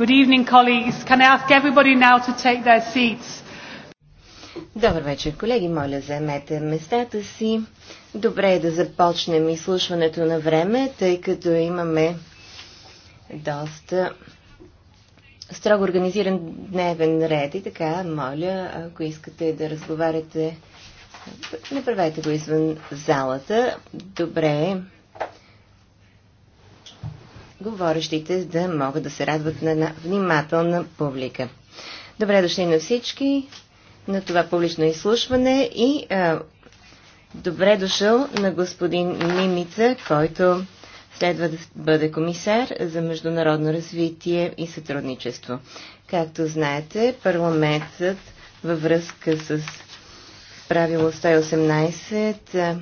Good evening, colleagues. Can I ask everybody now to take their seats? Добър вечер, колеги. Моля, заемете местата си. Добре е да започнем изслушването на време, тъй като имаме доста строго организиран дневен ред и така, моля, ако искате да разговаряте, направете го извън залата. Добре е говорещите да могат да се радват на една внимателна публика. Добре дошли на всички на това публично изслушване и а, добре дошъл на господин Мимица, който следва да бъде комисар за международно развитие и сътрудничество. Както знаете, парламентът във връзка с правило 118,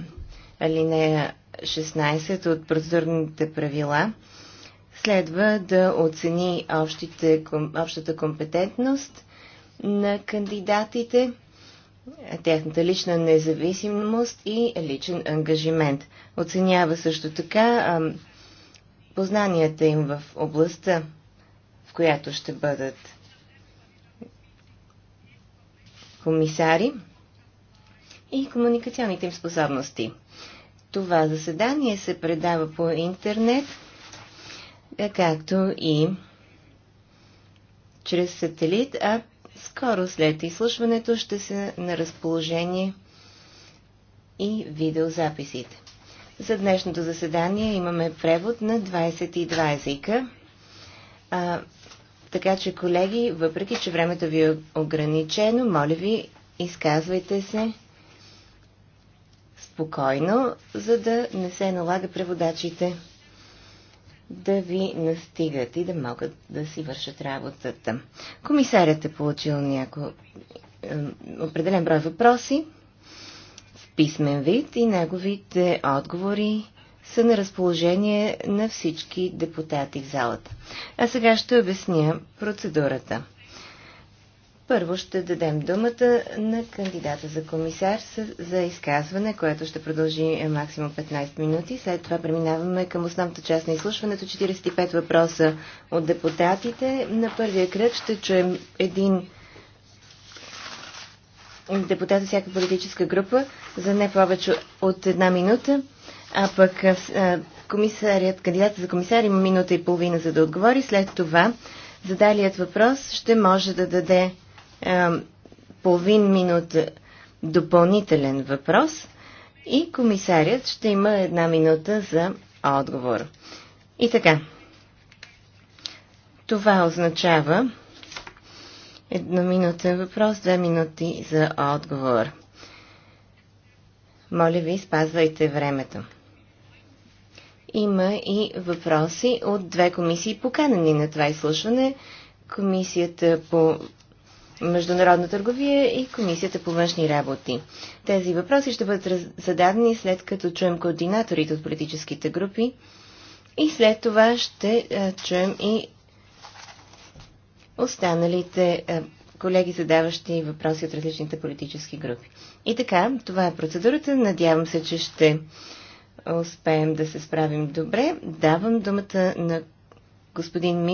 алинея 16 от процедурните правила следва да оцени общите, общата компетентност на кандидатите, тяхната лична независимост и личен ангажимент. Оценява също така познанията им в областта, в която ще бъдат комисари и комуникационните им способности. Това заседание се предава по интернет – е както и чрез сателит, а скоро след изслушването ще са на разположение и видеозаписите. За днешното заседание имаме превод на 22 езика. А, така че, колеги, въпреки, че времето ви е ограничено, моля ви, изказвайте се спокойно, за да не се налага преводачите да ви настигат и да могат да си вършат работата. Комисарят е получил няко... определен брой въпроси в писмен вид и неговите отговори са на разположение на всички депутати в залата. А сега ще обясня процедурата. Първо ще дадем думата на кандидата за комисар за изказване, което ще продължи максимум 15 минути. След това преминаваме към основната част на изслушването. 45 въпроса от депутатите. На първия кръг ще чуем един депутат от всяка политическа група за не повече от една минута, а пък комисарият, кандидата за комисар има минута и половина за да отговори. След това задалият въпрос ще може да даде е, половин минута допълнителен въпрос и комисарят ще има една минута за отговор. И така, това означава една минута въпрос, две минути за отговор. Моля ви, спазвайте времето. Има и въпроси от две комисии поканени на това изслушване. Комисията по международна търговия и Комисията по външни работи. Тези въпроси ще бъдат зададени след като чуем координаторите от политическите групи и след това ще е, чуем и останалите е, колеги, задаващи въпроси от различните политически групи. И така, това е процедурата. Надявам се, че ще успеем да се справим добре. Давам думата на господин Мин.